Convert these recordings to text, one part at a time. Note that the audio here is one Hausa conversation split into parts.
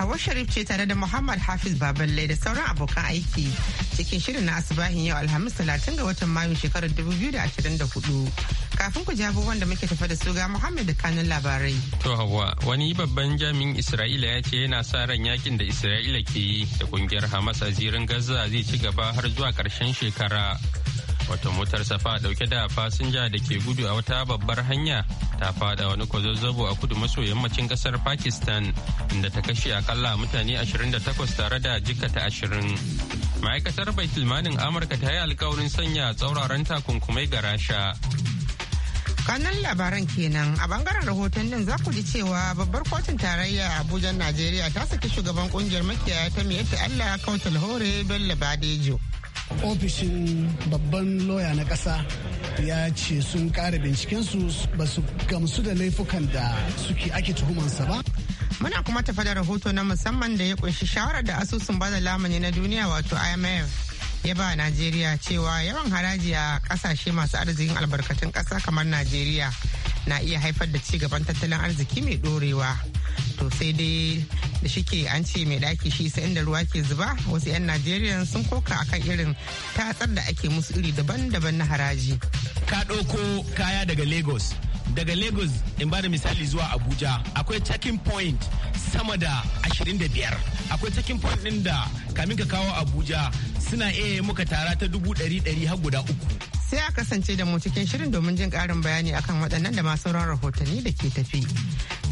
Hawa Sharif ce tare da Muhammad Hafiz Baballe da sauran abokan aiki cikin shirin na asibahin yau Alhamis talatin ga watan Mayu shekarar 2024. Kafin ku jabo wanda muke tafa da su ga Muhammad da kanun labarai. To Hawa, wani babban jami'in Isra'ila ya ce yana sa ran yakin da Isra'ila ke yi da kungiyar Hamas a zirin Gaza zai ci gaba har zuwa ƙarshen shekara. wato motar safa dauke da fasinja da ke gudu a wata babbar hanya ta fada wani kwazazzabo a kudu maso yammacin kasar pakistan inda ta kashe akalla mutane 28 tare da jikata 20 ma'aikatar baitulmanin amurka ta yi alkawarin sanya tsauraran takunkumai ga rasha kanan labaran kenan a bangaren rahoton nan za ku ji cewa babbar kotun tarayya abuja najeriya ta saki shugaban kungiyar makiyaya ta miyatta allah kautal hore bello badejo ofishin babban loya na ƙasa ya ce sun ƙara bincikensu ba su gamsu da laifukan da suke ake tuhumansa ba muna kuma tafa da rahoto na musamman da ya kunshi shawarar da asusun bada lamani na duniya wato imf ya ba Najeriya cewa yawan haraji a kasashe masu arzikin albarkatun ƙasa kamar Najeriya na iya haifar da ci gaban tattalin arziki mai ɗorewa. To sai dai da shike an ce mai ɗaki shi sai inda ruwa ke zuba wasu 'yan Najeriya sun koka akan irin tatsar da ake musu iri daban-daban na haraji. Ka ɗauko kaya daga Lagos daga lagos in ba da misali zuwa abuja akwai checking point sama da 25 akwai checking point din da kamin ka kawo abuja suna iya yi muka tara ta dubu ɗari ɗari har guda uku sai a kasance da mu cikin shirin domin jin ƙarin bayani akan waɗannan da masu sauran rahotanni da ke tafi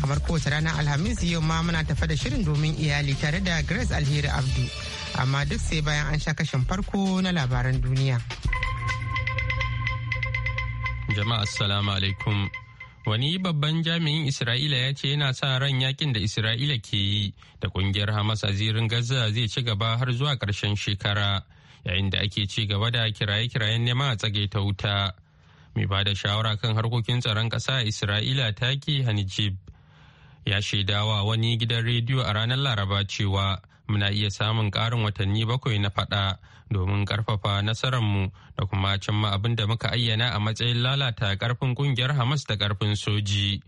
kamar kowace ranar alhamis yau ma muna tafa da shirin domin iyali tare da grace alheri abdu amma duk sai bayan an sha kashin farko na labaran duniya jama'a assalamu alaikum Wani babban jami'in Isra'ila ya ce yana sa ran yakin da Isra'ila ke yi da kungiyar Hamas a zirin Gaza zai ci gaba har zuwa ƙarshen shekara yayin da ake ci gaba da kiraye-kirayen nema a tsage ta wuta. Mai ba da shawara kan harkokin tsaron ƙasa Isra'ila taki Hanijib ya shaidawa wani gidan rediyo a ranar laraba cewa muna iya samun ƙarin watanni bakwai na faɗa domin ƙarfafa nasararmu da kuma cimma abin da muka ayyana a matsayin lalata karfin ƙungiyar hamas da karfin soji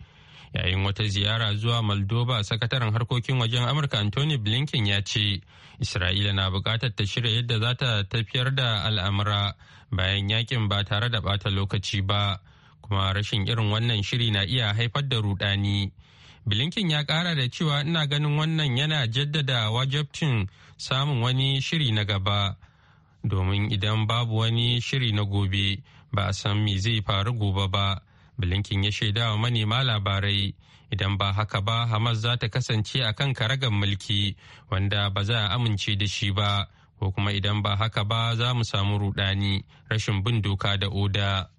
yayin wata ziyara zuwa moldova sakataren harkokin wajen amurka anthony blinken ya ce isra'ila na buƙatar ta shirya yadda za ta tafiyar da al'amura bayan yakin ba tare da bata lokaci ba kuma rashin irin wannan shiri na iya haifar da rudani. bilinkin ya kara da cewa ina ganin wannan yana jaddada wajabcin samun wani shiri na gaba. Domin idan babu wani shiri na gobe ba a san me zai faru gobe ba. bilinkin ya shaida wa manema labarai idan ba haka ba Hamas za ta kasance a kan karagar mulki wanda ba za a amince da shi ba ko kuma idan ba haka ba za mu samu rudani rashin bin doka da oda.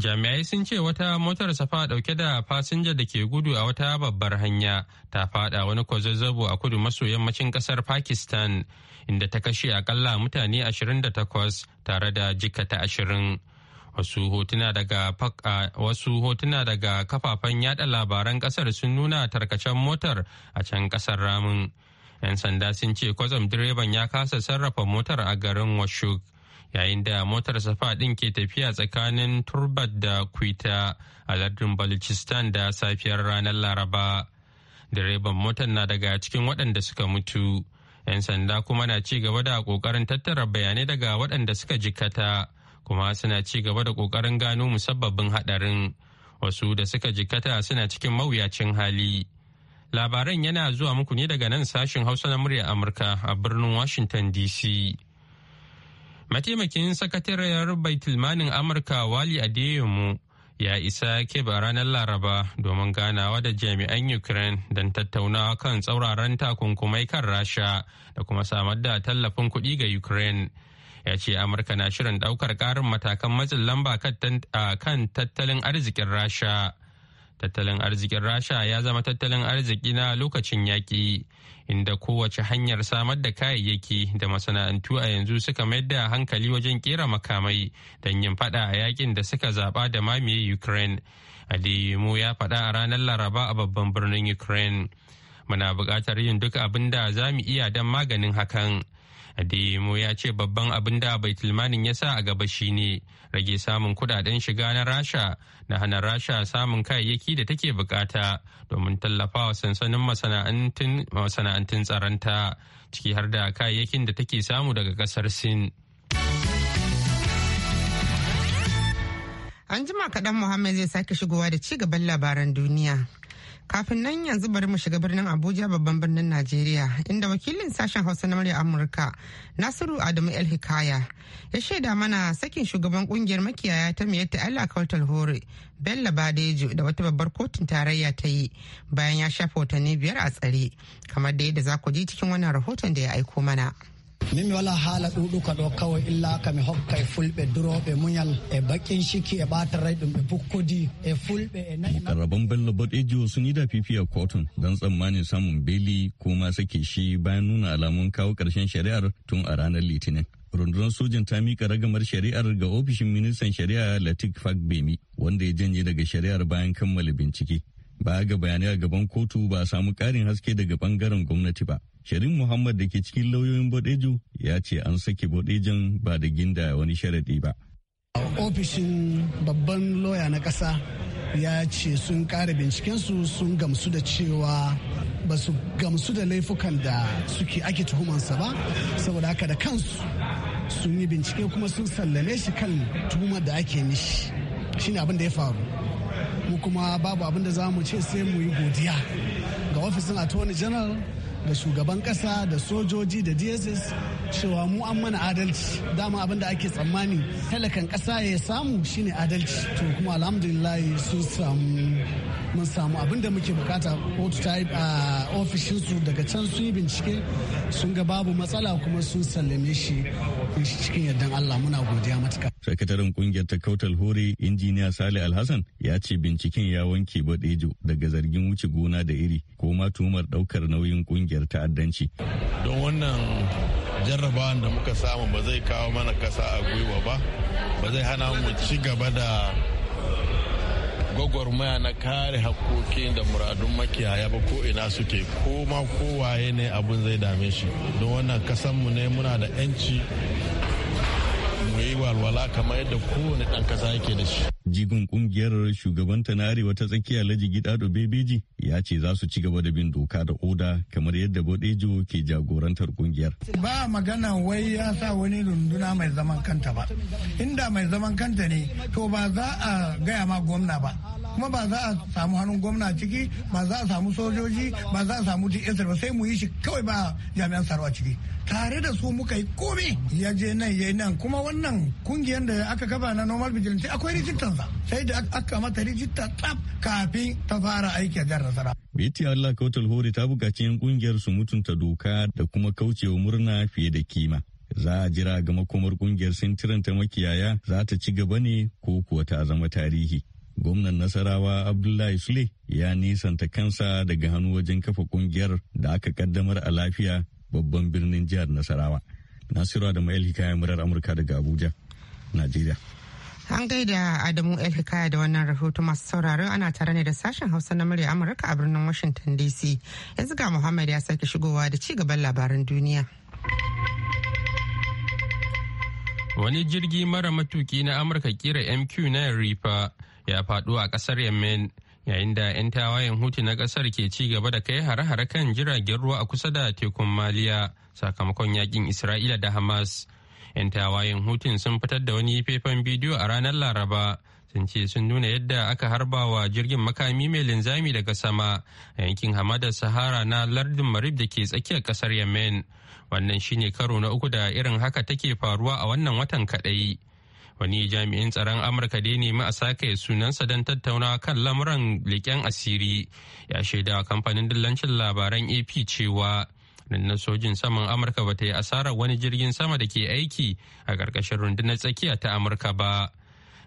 jami'ai sun ce wata motar safa dauke da fasinja da ke gudu a wata babbar hanya ta fada wani kwazazzabo a kudu maso yammacin kasar pakistan inda ta kashe akalla mutane 28 tare da jikata 20 wasu hotuna daga wasu daga kafafen yada labaran kasar sun nuna tarkacen motar a can kasar ramin 'yan sanda sun ce kwazam direban ya kasa sarrafa motar a garin washuk yayin da motar safa din ke tafiya tsakanin turbat da kwita a lardin balochistan da safiyar ranar laraba direban motar na daga cikin waɗanda suka mutu 'yan sanda kuma na ci gaba da ƙoƙarin tattara bayanai daga waɗanda suka jikata kuma suna ci gaba da ƙoƙarin gano musabbabin haɗarin wasu da suka jikata suna cikin mawuyacin hali labaran yana zuwa muku ne daga nan sashin hausa na murya amurka a birnin washington dc Mataimakin sakatariyar Baitulmanin Amurka Wali Adeyemu ya isa Keba ranar Laraba domin ganawa da jami'an Ukraine don tattaunawa kan tsauraran takunkumai kan Rasha da kuma samar da tallafin kuɗi ga Ukraine. Ya ce Amurka na shirin ɗaukar ƙarin matakan matsin lamba kan tattalin arzikin Rasha. tattalin arzikin rasha ya zama tattalin arziki na lokacin yaƙi inda kowace hanyar samar da kayayyaki da masana'antu a yanzu suka mayar da hankali wajen kera makamai don yin fada a yakin da suka zaba da mamaye ukraine aliyu ya faɗa a ranar laraba a babban birnin ukraine muna buƙatar yin duk abin da za mu iya don maganin hakan Adeyemo ya ce babban abin da bai Baitulmanin ya sa a gaba shine rage samun kudaden shiga na Rasha na hana Rasha samun kayayyaki da take bukata domin tallafa wa sansanin masana'antun tsaronta ciki har da kayayyakin da take samu daga kasar Sin. An jima kaɗan Muhammad zai sake shigowa da ci gaban labaran duniya. Kafin nan yanzu bari mu shiga birnin Abuja babban birnin Najeriya inda wakilin sashen Hausa na murya Amurka Nasiru Adamu El Hikaya ya shaida mana sakin shugaban kungiyar makiyaya ta miyatta Allah Kautal Hore Bello Badejo da wata babbar kotun tarayya ta yi bayan ya shafa watanni biyar a tsare kamar da yadda za ku ji cikin wannan rahoton da ya aiko mana. min mi wala haala ɗuɗuka ɗo kawai illa ka mi hokka e fulɓe duroɓe muñal e baƙin ciki e ɓata rai ɗum ɓe bukkodi e fulɓe e, e nayi bello boɗejo sun yi da fifiya kotun don tsammanin samun beli ko ma sake shi bayan nuna alamun kawo ƙarshen shari'ar tun a ranar litinin rundunar sojan ta mika ragamar shari'ar ga ofishin ministan shari'a latik fagbemi wanda ya janye daga shari'ar bayan kammala bincike ba ga bayanai a gaban kotu ba a samu ƙarin haske daga bangaren gwamnati ba sharin Muhammad da ke cikin lauyoyin Bodejo ya ce an sake Bodejon ba da ginda wani sharaɗi ba. a Ofishin babban loya na ƙasa ya ce sun ƙara bincikensu sun gamsu da cewa ba su gamsu da laifukan da suke ake tuhumansa ba saboda haka da kansu sun yi bincike kuma sun sallame shi kan tuhumar da ake mishi shine abin da ya faru mu kuma babu abin da za mu ce sai mu yi godiya ga ofisin attorney general da shugaban kasa da sojoji da dss cewa mu an mana adalci dama abin da ake tsammani talakan kasa ya samu shine adalci to kuma alhamdulillah sun samu mun samu abin da muke bukata kotu ta yi a ofishinsu daga can sun yi bincike sun ga babu matsala kuma sun sallame shi cikin yardan Allah muna godiya matuka. Sakataren kungiyar ta kautal hore injiniya Sale Alhassan ya ce binciken ya wanke badejo daga zargin wuce gona da iri ko ma tuhumar daukar nauyin kungiyar ta'addanci. Don wannan jarrabawan da muka samu ba zai kawo mana kasa a gwiwa ba ba zai hana mu ci gaba da gwagwarmaya na kare hakokin da muradun makiyaya ba ko ina suke ko ma kowaye ne abun zai dame shi don wannan kasanmu ne muna da 'yanci mu yi walwala kamar yadda kowane ɗan ƙasa yake da shi jigon kungiyar shugabanta na arewa ta tsakiya laji da bebeji ya ce za su ci gaba da bin doka da oda kamar yadda bodejo ke jagorantar kungiyar ba magana wai ya sa wani runduna mai zaman kanta ba inda mai zaman kanta ne to ba za a gaya ma gwamna ba kuma ba za a samu hannun gwamna ciki ba za a samu sojoji ba za a samu dsr ba sai mu yi shi kawai ba jami'an tsaro a ciki tare da su muka yi komi ya je nan ya nan kuma wannan kungiyar da aka kafa na normal vigilante akwai rijista sai da aka mata rijista tsaf kafin ta fara aiki a jihar nasara. Beti Allah Kautal hori ta bukaci 'yan ƙungiyar su mutunta doka da kuma kaucewa murna fiye da kima. Za a jira ga makomar ƙungiyar sintiran ta makiyaya za ta ci gaba ne ko kuwa ta zama tarihi. Gwamnan Nasarawa Abdullahi Sule ya nisanta kansa daga hannu wajen kafa ƙungiyar da aka kaddamar a lafiya babban birnin jihar Nasarawa. Nasiru da Mayel Hikaya Murar Amurka daga Abuja, Najeriya. An gaida Adamu hikaya da wannan rahoto masu sauraro ana tare ne da sashen Hausa na murya Amurka a birnin Washington DC. Yanzu ga Muhammad ya sake shigowa da ci gaban labaran duniya. Wani jirgi mara matuki na Amurka kira MQ na Reaper ya faɗo a ƙasar Yemen yayin da 'yan tawayen hutu na ƙasar ke ci gaba da kai hare-hare kan jiragen ruwa a kusa da tekun Maliya sakamakon yakin Isra'ila da Hamas. 'yan tawayen hutun sun fitar da wani faifan bidiyo a ranar laraba sun ce sun nuna yadda aka harba wa jirgin makami mai linzami daga sama a yankin hamadar sahara na lardin marib da ke tsakiyar kasar yemen wannan shine karo na uku da irin haka take faruwa a wannan watan kadai wani jami'in tsaron amurka da ya nemi a sake sunansa don tattauna kan lamuran leƙen asiri ya shaida kamfanin dillancin labaran ap cewa rundunar sojin saman amurka ba ta yi asarar wani jirgin sama da ke aiki a ƙarƙashin rundunar tsakiya ta amurka ba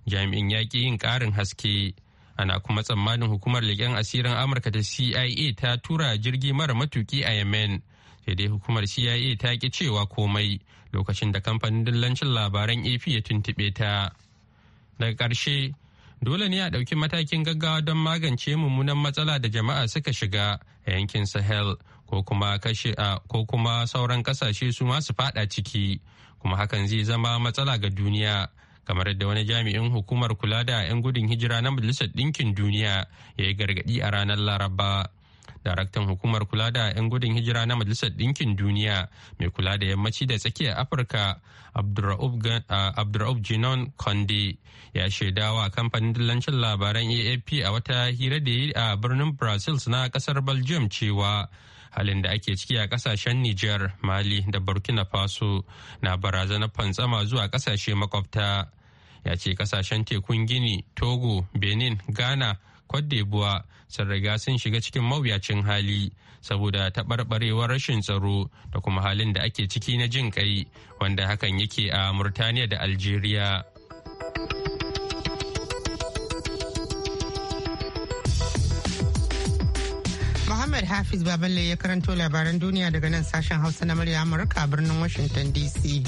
jami'in yaƙi yin ƙarin haske ana kuma tsammanin hukumar leƙen asirin amurka ta cia ta tura jirgi mara matuki a yemen sai dai hukumar cia ta ƙi cewa komai lokacin da kamfanin dillancin labaran ap ya tuntuɓe ta daga ƙarshe dole ne a ɗauki matakin gaggawa don magance mummunan matsala da jama'a suka shiga a yankin sahel ko kuma kashe a ko kuma sauran ƙasashe su masu faɗa ciki kuma hakan zai zama matsala ga duniya kamar yadda wani jami'in hukumar kula da 'yan gudun hijira na majalisar ɗinkin duniya ya yi gargaɗi a ranar laraba daraktan hukumar kula da 'yan gudun hijira na majalisar ɗinkin duniya mai kula da yammaci da tsakiyar afirka abdurraub jinon Kande, ya shaidawa kamfanin dillancin labaran AAP a wata hira da yi a birnin brazil na kasar belgium cewa halin da ake ciki a kasashen niger mali da burkina faso na barazanar fantsama zuwa kasashe makwabta ya ce kasashen tekun gini togo benin ghana cote d'ivoire sun riga sun shiga cikin mawuyacin hali saboda taɓarɓarewar rashin tsaro da kuma halin da ake ciki na jin kai wanda hakan yake a murtaniya da algeria Muhammad Hafiz Baballe ya karanto labaran duniya daga nan sashen Hausa na murya Amurka a birnin Washington DC.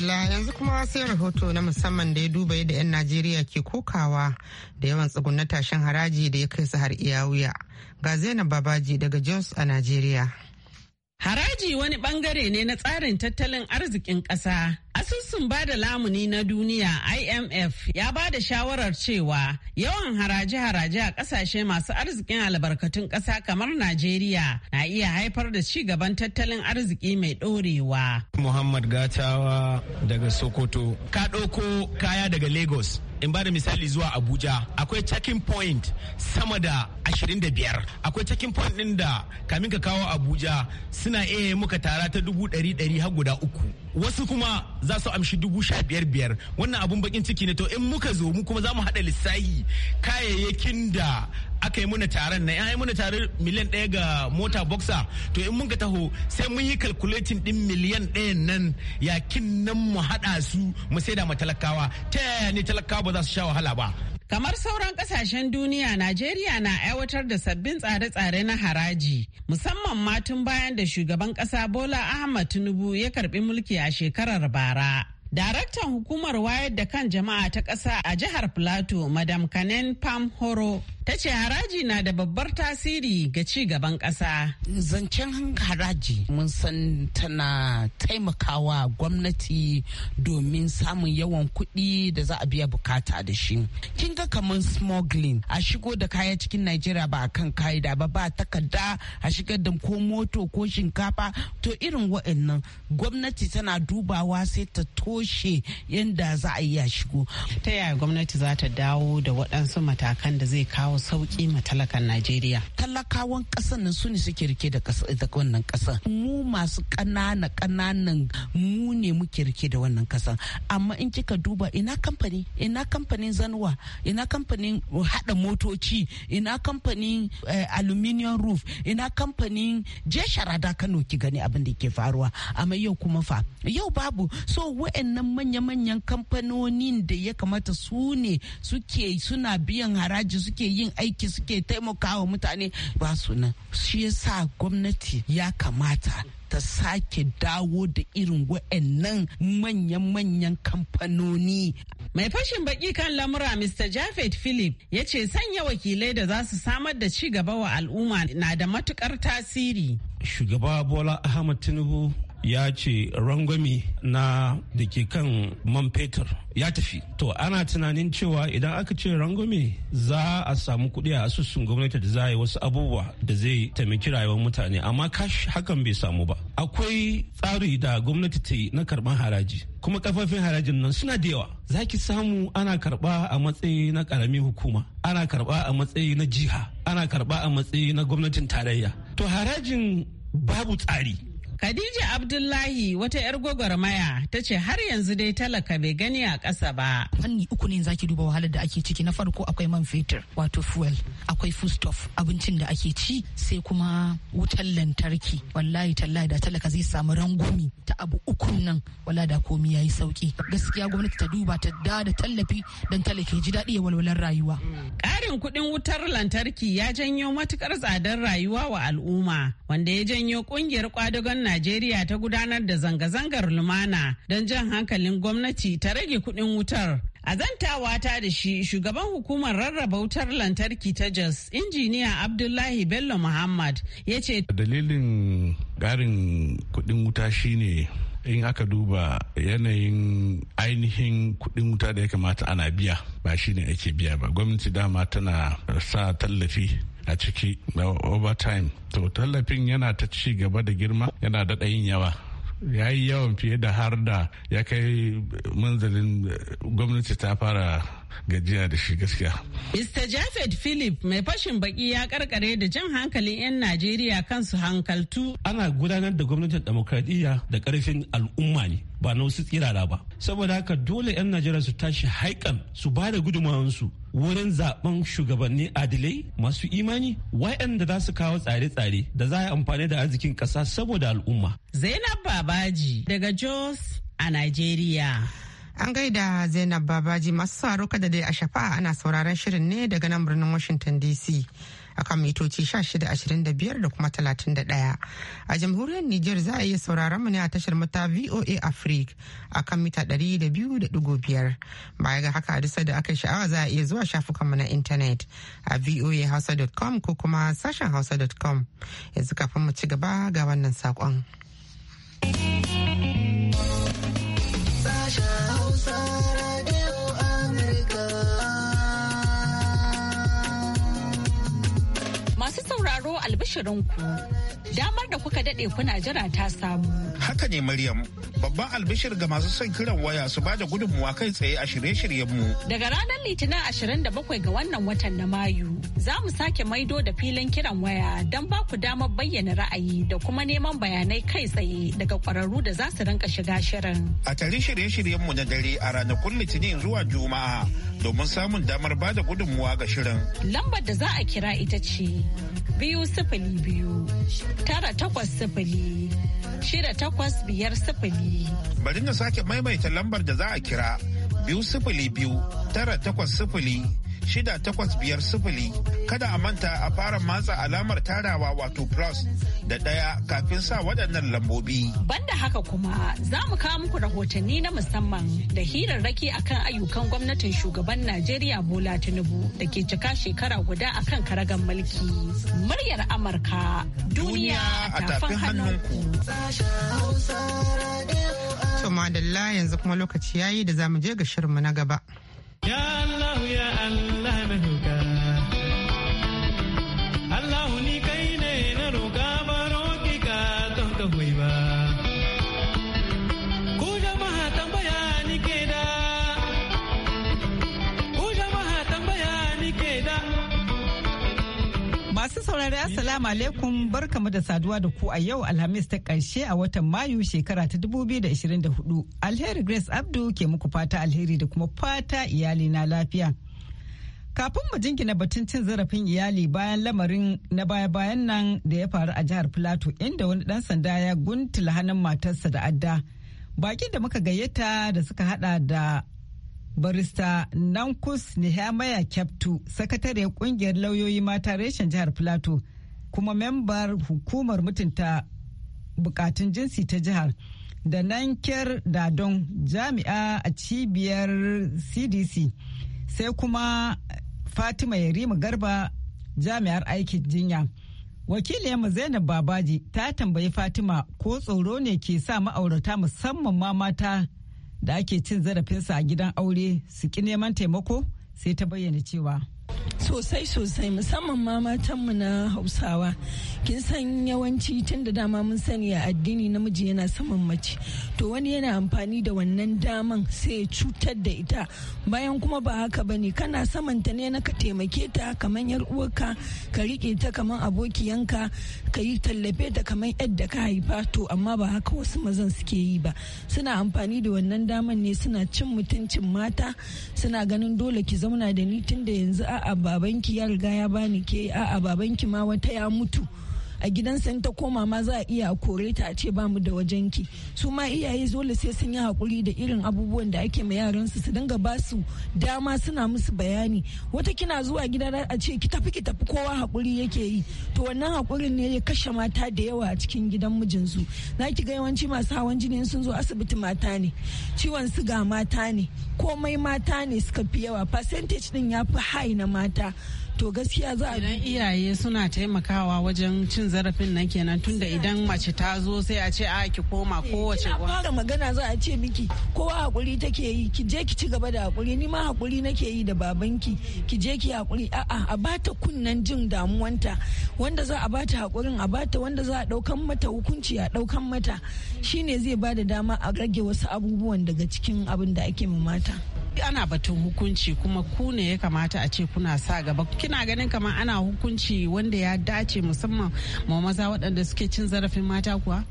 madalla yanzu kuma sai rahoto na musamman da ya duba yadda 'yan najeriya ke kokawa da yawan tsugunna tashin haraji da ya kai su har iya wuya ga zainab babaji daga jos a najeriya Haraji wani bangare ne na tsarin tattalin arzikin ƙasa. Asusun ba da lamuni na duniya IMF ya ba da shawarar cewa yawan haraji haraji a ƙasashe masu arzikin albarkatun ƙasa kamar Najeriya na iya haifar da ci gaban tattalin arziki mai ɗorewa. Muhammad Gatawa daga Sokoto. Ka ɗauko kaya daga Lagos. in ba da misali zuwa abuja akwai checking point sama da 25 akwai checking point din da kamin ka kawo abuja suna iya muka tara ta dubu ɗari ɗari har guda uku wasu kuma za su amshi dubu sha biyar biyar wannan abun bakin ciki ne to in muka zo mu kuma za mu haɗa lissahi kayayyakin da aka yi muna taron na yi muna taron miliyan ɗaya ga mota boxer to in muka taho sai mun yi kalkulatin din miliyan ɗayan nan yakin nan mu haɗa su mu saida ma talakawa ta yaya ne talakawa ba za su sha wahala ba Kamar sauran kasashen duniya, Najeriya na aiwatar da sabbin tsare-tsare na haraji, musamman matun bayan da shugaban ƙasa Bola Ahmad Tinubu ya karɓi mulki a shekarar bara. Daraktan hukumar wayar da kan jama'a ta ƙasa a jihar Plateau, Madam Kanen Pam Horo, Ta ce haraji na da babbar tasiri ga ci gaban ƙasa. Zancen haraji mun san tana taimakawa gwamnati domin samun yawan kuɗi da za a biya bukata da shi. Kin ga kamar smuggling a shigo da kaya cikin Najeriya ba a kan ka'ida ba ba takarda a shigar da ko moto ko shinkafa to irin wa'annan gwamnati tana dubawa sai ta toshe yadda za a yi a shigo. Ta yaya gwamnati za ta dawo da waɗansu matakan da zai kawo kawo sauki ma talakan Najeriya. Talakawan ƙasar nan su ne suke rike da wannan ƙasar. Mu masu ƙanana ƙananan mu ne muke rike da wannan ƙasar. Amma in kika duba ina kamfani, ina kamfanin zanwa, ina kamfanin hada motoci, ina kamfanin eh, aluminium roof, ina kamfanin je sharada Kano ki gani abin da ke faruwa. Amma yau kuma fa, yau babu. So wa'annan manya-manyan kamfanonin da ya kamata su ne suke suna biyan haraji suke yi yin aiki suke taimakawa mutane ba su nan shi yasa gwamnati ya kamata ta sake dawo da irin wa'annan manyan-manyan kamfanoni. Mai fashin baki kan lamura Mr. Jafet Philip ya ce sanya wakilai da za su samar da ci gaba wa al'umma na da matukar tasiri. Shugaba Bola Ahmad Tinubu ya ce rangwami na da ke kan man fetur ya tafi to ana tunanin cewa idan aka ce rangwami za a samu kuɗi a asusun gwamnati da za a yi wasu abubuwa da zai taimaki rayuwar mutane amma kashi hakan bai samu ba akwai tsari da gwamnati ta yi na karɓar haraji kuma kafafin harajin nan suna da yawa za ki samu ana karɓa a matsayi na ƙaramin hukuma ana karɓa a matsayi na jiha ana karɓa a matsayi na gwamnatin tarayya to harajin babu tsari Khadija Abdullahi wata 'yar gwagwarmaya ta ce har yanzu dai talaka bai gani a ƙasa ba. Fanni uku ne zaki duba wahalar da ake ciki na farko akwai man fetur wato fuel akwai foodstuff abincin da ake ci sai kuma wutar lantarki wallahi tallahi da talaka zai samu rangumi ta abu uku nan wallahi da komi yayi sauki gaskiya gwamnati ta duba ta da da tallafi don talaka ji daɗi ya walwalar rayuwa. Ƙarin kuɗin wutar lantarki ya janyo matukar tsadar rayuwa wa al'umma wanda ya janyo ƙungiyar kwadagon Najeriya ta gudanar da zanga-zangar lumana don jan hankalin gwamnati ta rage kuɗin wutar. A zantawa ta da shi shugaban hukumar rarraba wutar lantarki ta Jos, injiniya Abdullahi Bello Muhammad ya ce. Dalilin garin kuɗin wuta shine in aka duba yanayin ainihin kuɗin wuta da ya kamata ana biya ba shine ake biya ba gwamnati dama tana sa tallafi a ciki na overtime to tallafin yana ta ci gaba da girma yana da ɗayin yawa ya yi yawan fiye da har da ya kai manzalin eh, gwamnati ta fara gajiya da shi gaskiya. Mr. Jafet Philip mai fashin baki ya karkare da jan hankalin 'yan Najeriya kansu hankaltu. Ana gudanar da gwamnatin demokradiyya da karfin al'umma ne ba na wasu tsirara ba. Saboda haka dole 'yan Najeriya su tashi haikan su ba da wurin zaben shugabanni adilai masu imani waɗanda za su kawo tsare-tsare da za a yi amfani da arzikin ƙasa saboda al'umma. Zainab Babaji daga Jos a Najeriya. An gaida Zainab Babaji masu sauraro da dai a shafa ana sauraron shirin ne daga nan birnin Washington DC. akan mitoci 1625 da kuma 31. A jamhuriyar Nijar za a iya sauraron mu ne a tashar mata VOA Africa akan mita 200.5. Baya ga haka a da aka sha'awa za a iya zuwa shafukanmu na intanet a voahausa.com ko kuma sashen hausa.com. Yanzu kafin mu ci gaba ga wannan saƙon. Masu sauraro ku damar da kuka daɗe kuna jira ta samu. Haka ne Maryam, babban albishir ga masu son kiran waya su bada gudunmuwa kai tsaye a shirye-shiryenmu. Daga ranar Litinin 27 ga wannan watan na Mayu, za mu sake maido da filin kiran waya don ba ku damar bayyana ra'ayi da kuma neman bayanai kai tsaye daga kwararru da za su rinka shiga shirin. A tare shirye-shiryenmu na dare a ranakun Litinin zuwa Juma'a domin samun damar ba da gudunmuwa ga shirin. Lambar da za a kira ita ce biyu sifili biyu tara takwas sifili shida takwas biyar sifili. Bari na sake maimaita lambar da za a kira biyu sifili biyu tara takwas sifili shida sifili kada a manta a fara matsa alamar tarawa wato plus da ɗaya kafin sa waɗannan lambobi. Banda haka kuma za mu kawo muku rahotanni na musamman da hirarraki akan ayyukan gwamnatin shugaban Najeriya Bola Tinubu da ke cika shekara guda akan karagan mulki. Muryar Amurka duniya a tafin hannunku. To madalla yanzu kuma lokaci yayi da zamu je ga shirinmu na gaba. Ya Allah ya Allah. saurari Assalamu alaikum barkamu da saduwa da ku a yau Alhamis ta karshe a watan Mayu shekara ta 2024. Alheri Grace Abdu ke muku fata alheri da kuma fata iyali na lafiya. Kafin mu jingina batun cin zarafin iyali bayan lamarin na baya-bayan nan da ya faru a jihar plateau inda wani ɗan sanda ya guntula hannun matarsa da adda. Bakin da muka gayyata da suka hada da barista nankus nihamaya kyaftu sakatare kungiyar lauyoyi mata reshen jihar Filato kuma membar hukumar mutunta bukatun jinsi ta jihar da Nankyar dadon jami'a a cibiyar cdc sai kuma fatima yarima garba jami'ar aikin jinya wakiliyarmu zainab babaji ta tambayi fatima ko tsoro ne ke sa ma'aurata musamman ma mata da ake cin zarafinsa a gidan aure su ki neman taimako sai ta bayyana cewa sosai sosai musamman ma mu na hausawa kin san yawanci tun da dama mun sani a addini namiji yana saman mace to wani yana amfani da wannan daman sai ya cutar da ita bayan kuma ba haka bane kana samanta ne na ka taimake ta kamar yar uwarka ka rike ta kamar abokiyanka ka yi tallafe ta kamar yadda ka haifa to amma ba haka wasu mazan suke yi ba suna amfani da wannan daman ne suna cin mutuncin mata suna ganin dole ki zauna da ni tun da yanzu a a'a babanki ya riga ya bani ke a'a babanki ma wata ya mutu a gidansa in ta koma ma za a iya kore ta a ce ba mu da wajen ki su ma iyaye dole sai sun yi hakuri da irin abubuwan da ake ma yaran su su dinga ba su dama suna musu bayani wata kina zuwa gida a ce ki tafi ki tafi kowa hakuri yake yi to wannan hakurin ne ya kashe mata da yawa a cikin gidan mijin mijinsu za ki ga yawanci masu hawan jini sun zo asibiti mata ne ciwon siga mata ne komai mata ne suka fi yawa percentage din ya fi high na mata to gaskiya za a idan iyaye suna taimakawa wajen cin zarafin nan kenan tunda idan mace ta zo sai a ce a ki koma eh, kowace wa fara magana za a ce miki kowa hakuri take yi ki je ki ci gaba da hakuri ni ma hakuri nake yi da babanki ki je ki hakuri a'a a bata kunnan jin damuwanta wanda za a bata hakurin a bata wanda za a daukan mata hukunci a daukan mata shine zai bada dama a rage wasu abubuwan daga cikin abin da ake ma mata ana batun hukunci kuma ku ne ya kamata a ce kuna sa gaba kina ganin kamar ana hukunci wanda ya dace musamman ma maza waɗanda suke cin zarafin mata kuwa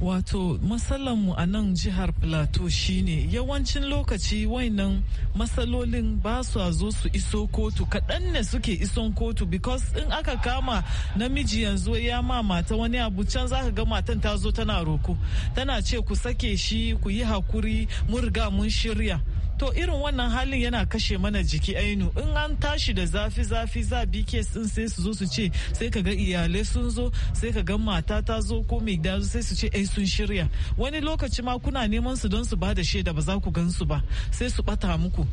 wato mu a nan jihar plateau shine yawancin lokaci wainan matsalolin ba su a zo su iso kotu kaɗan ne suke ison kotu because in aka kama namiji yanzu ya ma mata wani abu can ka ga matan ta zo tana roko tana ce ku sake shi ku yi hakuri mun riga mun shirya to irin wannan halin yana kashe mana jiki ainu in an tashi da zafi zafi za bi din sai su zo su ce sai ka ga iyalai sun zo sai ka ga mata ta zo ko mai gida sai su ce ai sun shirya wani lokaci ma kuna neman su don su ba da shaida ba za ku gan su ba sai su bata muku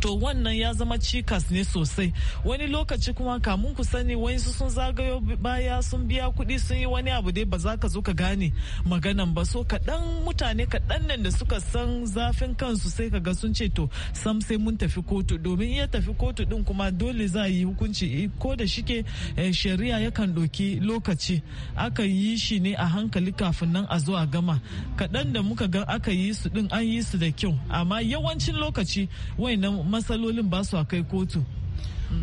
to wannan ya zama cikas ne sosai wani lokaci kuma kamun ku sani wasu sun zagayo baya sun biya kuɗi sun yi wani abu dai ba za ka zo ka gane maganan ba so kaɗan mutane kaɗan nan da suka san zafin kansu sai ka ga sun ce to sam sai mun tafi kotu domin iya tafi kotu din kuma dole za a yi hukunci eh, ko da shike eh, shari'a yakan ɗauki lokaci aka yi shi ne a hankali kafin nan a zo a gama kaɗan da muka ga aka yi su din an yi su da kyau amma yawancin lokaci wayannan matsalolin ba su kai kotu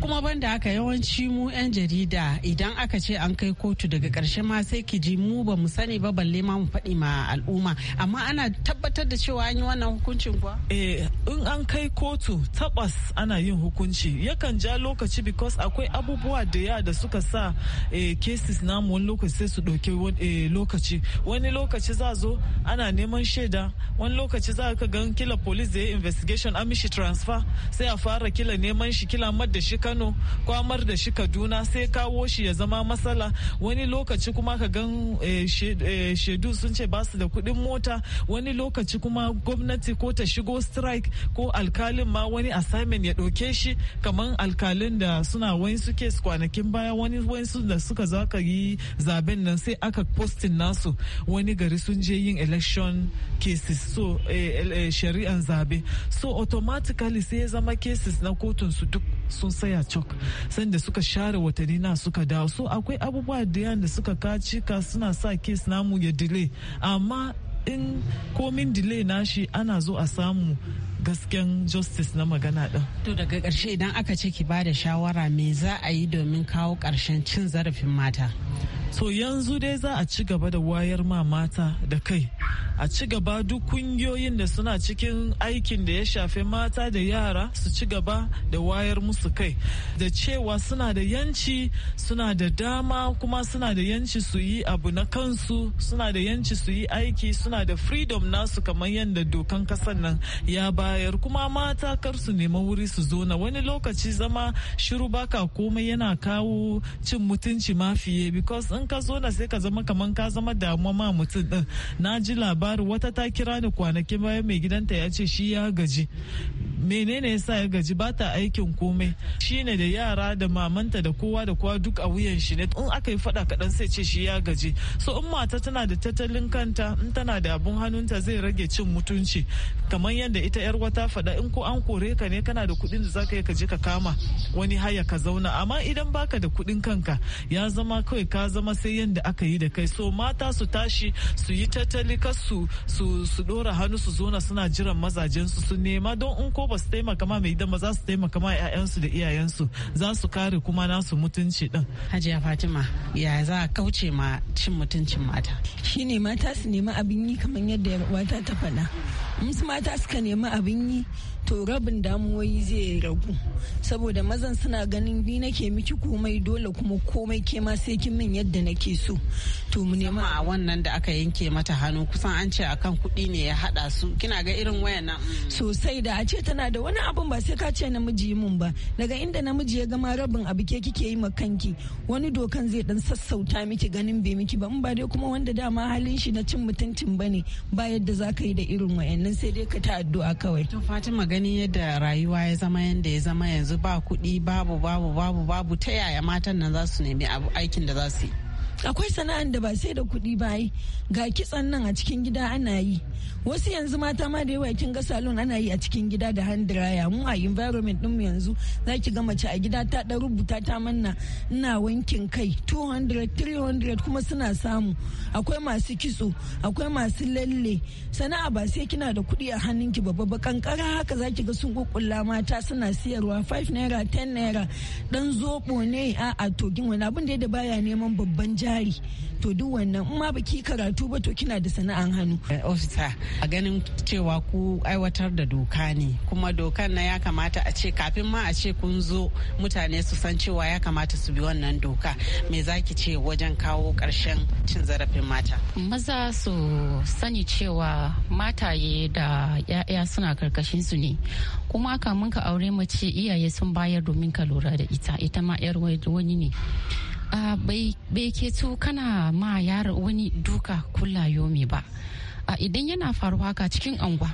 kuma banda haka yawanci mu 'yan jarida idan aka ce an kai kotu daga karshe ma sai ki ji mu ba mu sani ba balle ma mu faɗi ma al'umma amma ana tabbatar da cewa an yi wannan hukuncin kuwa eh in an kai kotu tabbas ana yin hukunci yakan ja lokaci because akwai abubuwa da ya da suka sa eh, cases na wani lokaci sai su ɗauki eh, lokaci wani lokaci za zo ana neman shaida wani lokaci za ka gan kila police da investigation an mishi transfer sai a fara kila neman shi kila madda shi kano kwamar da shi kaduna sai kawo shi ya zama matsala wani lokaci kuma ka gan eh, shaidu eh, sun ce basu da kuɗin mota wani lokaci kuma gwamnati ko ta shigo strike ko alkalin ma wani assignment ya ɗauke shi kamar alkalin da suna wani suke kwanakin baya wani wasu da suka zaka yi zaben nan sai aka postin nasu wani gari sun je yin election cases so eh, shari'an zabe so automatically sai ya zama cases na kotun su duk sun sai tsaya cok sanda suka share watanni na suka dawo so akwai abubuwa da yan da suka kaci ka suna sa kes namu ya delay amma in komin delay nashi ana zo a samu gasken justice na magana ɗin. To daga ƙarshe idan aka ce ki bada shawara me za a yi domin kawo karshen cin zarafin mata. So yanzu dai za a ci gaba da wayar ma mata da kai a ci gaba duk kungiyoyin da suna cikin aikin da ya shafi mata da yara su ci gaba da wayar musu kai da cewa suna da yanci suna da dama kuma suna da yanci su yi abu na kansu suna da yanci su yi aiki suna da freedom nasu kamar yadda dokan kasan nan ya bayar kuma mata kar su nema wuri su zo na wani lokaci zama shiru baka komai yana kawo cin mutunci mafiye because in ka zo na sai ka zama kamar ka zama damuwa ma mutum din na ji labarin labarin wata ta kira ni kwanaki bayan mai gidanta ya ce shi ya gaji menene yasa ya gaji ba ta aikin komai shine da yara da mamanta da kowa da kowa duk a wuyan shi ne in aka yi fada kadan sai ce shi ya gaji so in mata tana da tattalin kanta in tana da abun hannunta zai rage cin mutunci kamar yadda ita yar wata fada in ko an kore ka ne kana da kuɗin da zaka yi ka je ka kama wani haya ka zauna amma idan baka da kuɗin kanka ya zama kawai ka zama sai yadda aka yi da kai so mata su tashi su yi tattali kasu. su su dora hannu su zona suna jiran mazajen su su nema don in ko ba su taimaka ma mai idan ba za su taimaka ma ƴaƴansu da iyayensu za su kare kuma nasu mutunci din hajiya fatima ya za a kauce ma cin mutuncin mata shine mata su nema abin yi kamar yadda mata ta faɗa musu mata suka nema abin yi to rabin damuwoyi zai ragu saboda mazan suna ganin ni nake miki komai dole kuma komai ke ma sai kin min yadda nake so to mu nema a wannan da aka yanke mata hannu kusan an ce akan kuɗi ne ya hada su kina ga irin wayan sosai da a ce tana da wani abu ba sai ka ce namiji mun ba daga inda namiji ya gama rabin abu ke kike yi ma kanki wani dokan zai dan sassauta miki ganin bai miki ba mun ba dai kuma wanda dama halin shi na cin mutuncin bane ba yadda za ka yi da irin wayannan sai dai ka ta addu'a kawai to Fatima ganin yadda rayuwa ya zama yadda ya zama yanzu ba kuɗi babu babu babu babu ta yaya matan nan za su nemi aikin da za su yi akwai sana'an da ba sai da kuɗi ba yi ga kitsan nan a cikin gida ana yi wasu yanzu mata ma da yawa kin ga salon ana yi a cikin gida da hand dryer mu a environment din mu yanzu zaki ga mace a gida ta da rubuta ta manna ina wankin kai 200 300 kuma suna samu akwai masu kitso akwai masu lalle sana'a ba sai kina da kuɗi a hannunki babba ba kankara haka zaki ga sun kukkulla mata suna siyarwa 5 naira 10 naira dan zobo ne a a togin wani abin da da baya neman babban jari to duk wannan in ma baki karatu ba to kina da sana'an hannu officer a ganin cewa ku aiwatar da doka ne kuma dokan na ya kamata a ce kafin ma a ce kun zo mutane su san cewa ya kamata su bi wannan doka me za ki ce wajen kawo ƙarshen cin zarafin mata maza su sani cewa mataye da 'ya'ya suna karkashin su ne kuma kamun ka aure mace iyaye sun bayar domin ka lura da ita ita ma 'yar wani ne ah, bai keto kana ma yaro wani duka kullayo me ba a idan yana faruwa haka cikin angwa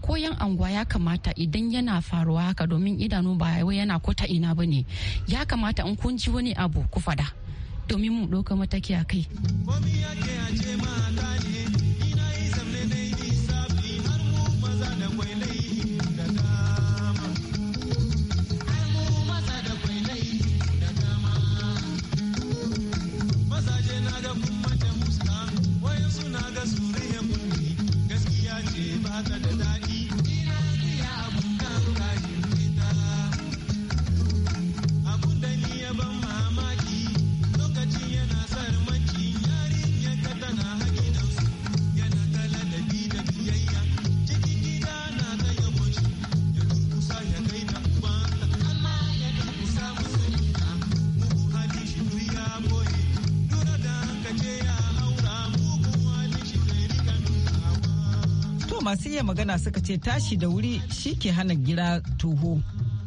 koyan yan angwa ya kamata idan yana faruwa haka domin idanu ba wai yana ko ta ina ba ne ya kamata in kun ji wani abu ku fada domin mu ɗauka mataki a kai. masu iya magana suka ce tashi da wuri shi ke hana gira toho.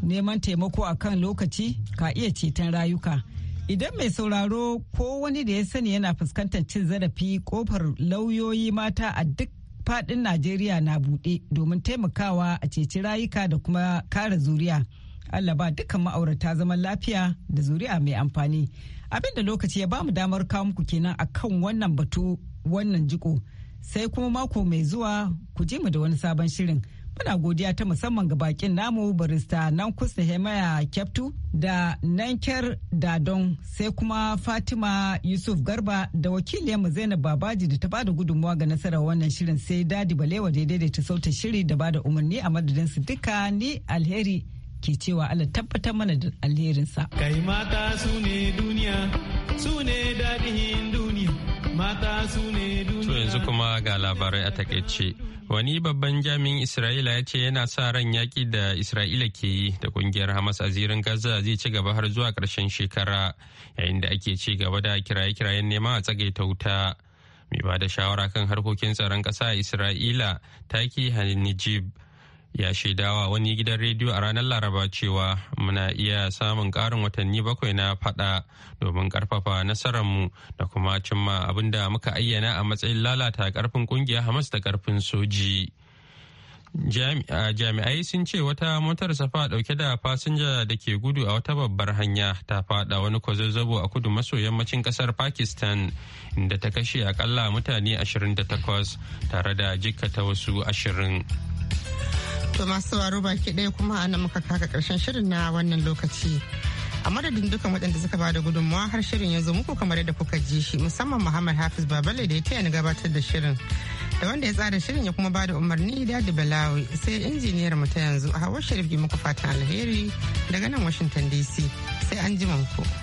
Neman taimako a kan lokaci ka iya ceton rayuka. Idan mai sauraro ko wani da ya sani yana fuskantar cin zarafi kofar lauyoyi mata a duk fadin Najeriya na buɗe domin taimakawa a ceci rayuka da kuma kare zuriya. Allah ba dukkan ma'aurata zaman lafiya da zuriya mai amfani. abinda lokaci ya bamu damar kawo muku kenan akan wannan batu wannan jiko. sai kuma mako mai zuwa ku ji mu da wani sabon shirin. Muna godiya ta musamman ga bakin namu barista nan kusa Hemaya Kyaftu da Nanker Dadon sai kuma Fatima Yusuf Garba da mu Zainab Babaji da ta bada gudunmuwa ga nasarar wannan shirin sai Dadi Balewa daidai da ta sauta shiri da bada umarni a madadin su duka ni alheri ke cewa Allah tabbatar mana da alherinsa. Kai mata su ne duniya, su ne dadihin duniya. To yanzu kuma ga labarai a takaice. Wani babban jami'in Isra'ila ya ce yana sa ran yaƙi da Isra'ila ke yi da ƙungiyar Hamas a zirin Gaza zai ci gaba har zuwa ƙarshen shekara yayin da ake ci gaba da kiraye-kirayen nema a tsagaita wuta. Mai ba da shawara kan harkokin tsaron ƙasa a Isra'ila, Taki Hanijib, ya shaidawa wani gidan rediyo a ranar laraba cewa muna iya samun karin watanni bakwai na fada domin ƙarfafa nasararmu da kuma cimma abin da muka ayyana a matsayin lalata karfin kungiya hamas da karfin soji jami'ai sun ce wata motar safa dauke da fasinja da ke gudu a wata babbar hanya ta fada wani kwazazzabo a kudu maso yammacin kasar pakistan inda ta kashe akalla mutane 28 tare da jikkata wasu ashirin. To masu sauraro baki ɗaya kuma ana muka kaka ƙarshen shirin na wannan lokaci. a madadin dukkan waɗanda suka ba da gudunmawa har shirin ya zo muku kamar yadda kuka ji shi musamman muhammad hafiz babale da ya taya ni gabatar da shirin da wanda ya tsara shirin ya kuma ba da umarni da balawi sai injiniyar mu ta yanzu hawa sharif muku fatan alheri daga nan washington dc sai an ji ku.